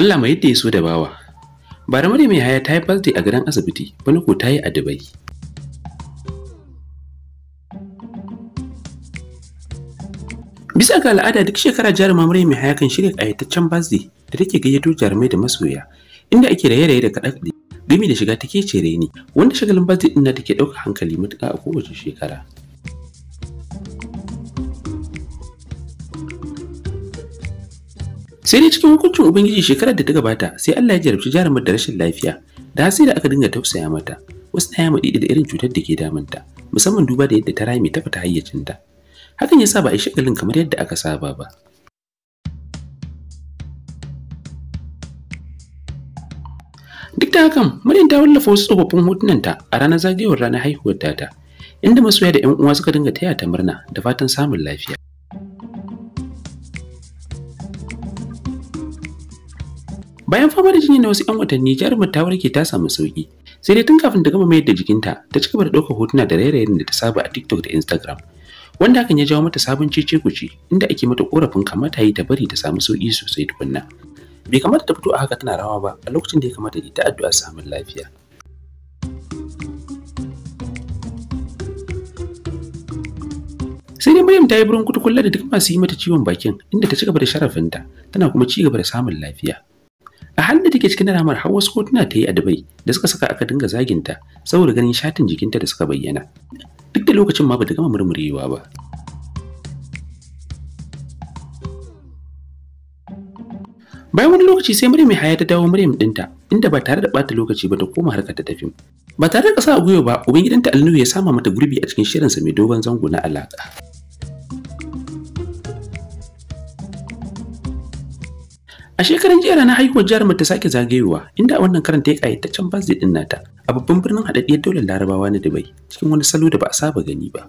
Allah mai yadda ya so da bawa ba da mai haya ta yi a gidan asibiti wani ko ta yi a dubai bisa ga al'ada duk shekara jaruma murya mai haya kan shirya ƙayataccen birthday da take gayyato jarumai da masoya inda ake da raye da kaɗe gami da shiga take ce ni, wanda shagalin birthday ɗin na take ɗaukar hankali matuƙa a kowace shekara sai dai cikin hukuncin ubangiji shekarar da ta gabata sai Allah ya jarabci jarumar da rashin lafiya da hasi da aka dinga tausaya mata wasu ɗaya mu da irin cutar da ke damunta musamman duba da yadda ta rami ta fita hayyacinta hakan ya sa ba a yi shagalin kamar yadda aka saba ba duk da hakan maryam ta wallafa wasu tsofaffin hotunanta a ranar zagayowar ranar haihuwar data inda masoya da 'yan uwa suka dinga taya ta murna da fatan samun lafiya Bayan fama da jini na wasu 'yan watanni jarumar ta warke ta samu sauki. Sai dai tun kafin ta gama mayar da jikinta, ta cigaba da ɗaukar hotuna da rairayin da ta saba a TikTok da Instagram. Wanda hakan ya jawo mata sabon cece kuce inda ake mata korafin kamata yi ta bari ta samu sauki sosai tukunna. Bai kamata ta fito a haka tana rawa ba a lokacin da ya kamata ta addu'a samun lafiya. sai dai Maryam ta yi burin kutukulla da duk masu yi mata ciwon bakin inda ta cigaba da sharafinta tana kuma ci gaba da samun lafiya a halin da take cikin ramar har wasu kotuna ta yi a dubai da suka saka aka dinga zaginta saboda ganin shatin jikinta da suka bayyana duk da lokacin ma bata gama murmurewa ba bayan wani lokaci sai Maryam haya ta dawo Maryam dinta inda ba tare da bata lokaci ba ta koma harkar ta tafi ba tare da kasa a gwiwa ba ubangidanta Alnuhu ya sama mata gurbi a cikin shirinsa mai dogon zango na alaka A shekaran jera na haihuwar jihar mu ta sake zagayowa inda wannan karanta ya can birthday din nata a babban birnin haɗaɗɗiyar daular Larabawa na Dubai cikin wani salo da ba a saba gani ba.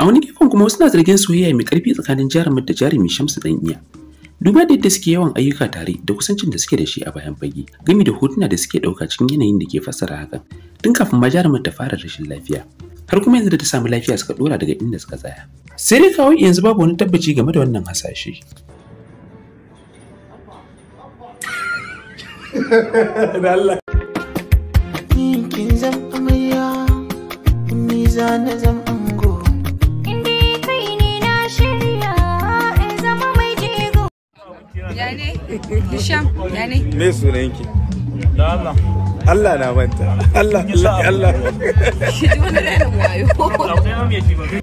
A wani gefen kuma wasu na zargin soyayya mai ƙarfi tsakanin jarumin da jarumi Shamsu dan iya. Duba da yadda suke yawan ayyuka tare da kusancin da suke da shi a bayan fage, gami da hotuna da suke ɗauka cikin yanayin da ke fassara hakan, tun kafin ma jarumin ta fara rashin lafiya. Har kuma yanzu da ta samu lafiya suka ɗora daga inda suka tsaya. Sai dai kawai yanzu babu wani tabbaci game da wannan hasashe. ya ne hisham ne me sunanki da Allah Allah na manta Allah Allah shi ji wani da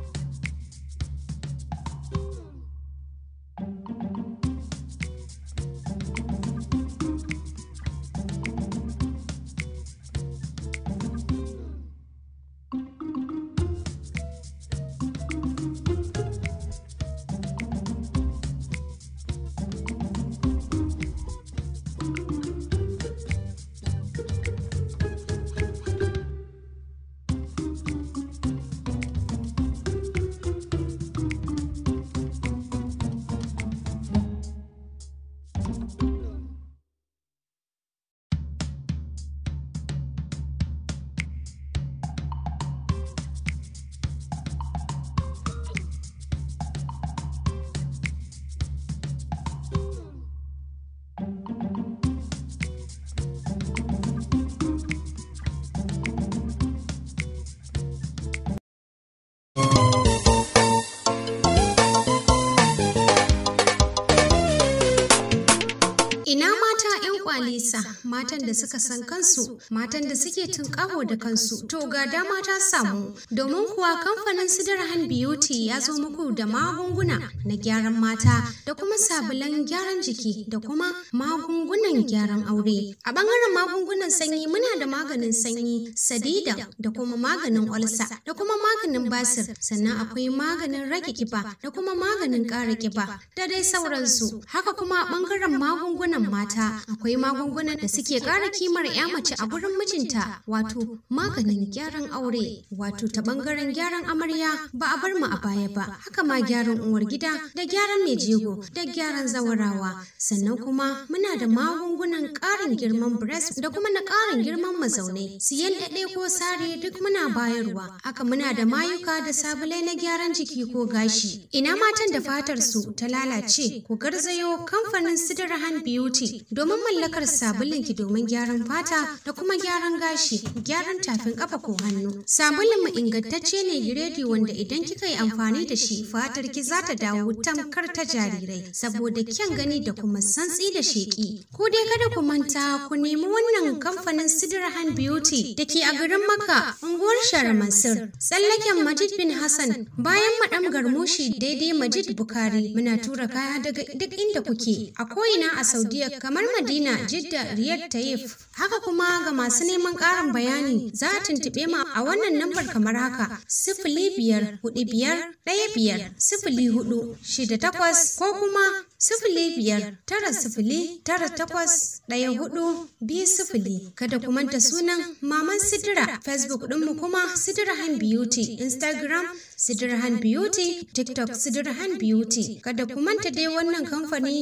matan da suka san kansu matan da suke tunƙawo da kansu to ga dama ta samu domin kuwa kamfanin sidirhan beauty ya zo muku da magunguna na gyaran mata da kuma sabulan gyaran jiki da kuma magungunan gyaran aure a bangaren magungunan sanyi muna da maganin sanyi sadida da kuma maganin olsa da kuma maganin basir sannan akwai maganin rage kiba da kuma maganin ƙara kiba da dai sauransu haka kuma a bangaren magungunan mata akwai magungunan da suke ƙara kimar ya mace a wurin mijinta wato maganin gyaran aure wato ta ɓangaren gyaran amarya ba a bar mu a baya ba haka ma gyaran uwar gida da gyaran mai jego da gyaran zawarawa sannan kuma muna da magungunan ƙarin girman breast da kuma na ƙarin girman mazaunai siyan daɗe ko sare duk muna bayarwa haka muna da mayuka da sabulai na gyaran jiki ko gashi ina matan da fatar su ta lalace ku garzayo kamfanin hand beauty domin mallakar sabulai kanki domin gyaran fata da kuma gyaran gashi, gyaran tafin kafa ko hannu. Sabulun mu ingantacce ne giredi wanda idan kika yi amfani da shi fatar ki za ta dawo tamkar ta jarirai saboda kyan gani da kuma santsi da sheki. ko dai kada ku manta ku nemi wannan kamfanin Sidrahan Beauty da ke a garin Makka, unguwar Shara Mansur. Tsallaken Majid bin Hassan bayan madam garmushi daidai Majid Bukari muna tura kaya daga duk inda kuke a ko'ina a Saudiya kamar Madina, Jidda, Riyad Taif. Haka kuma ga masu neman ƙarin bayani za a tuntuɓe mu a wannan lambar kamar haka sifili biyar hudu biyar ɗaya biyar sifili hudu shida takwas ko kuma sifili biyar tara sifili tara takwas ɗaya hudu biyu sifili. Kada ku manta sunan Maman Sidira Facebook ɗinmu kuma Sidirahan Beauty Instagram Sidirahan Beauty TikTok Sidirahan Beauty. Kada ku manta dai wannan kamfani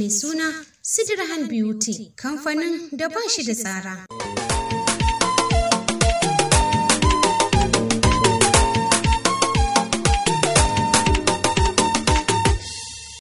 mai suna Sidirhan Beauty, kamfanin da ba shi da tsara.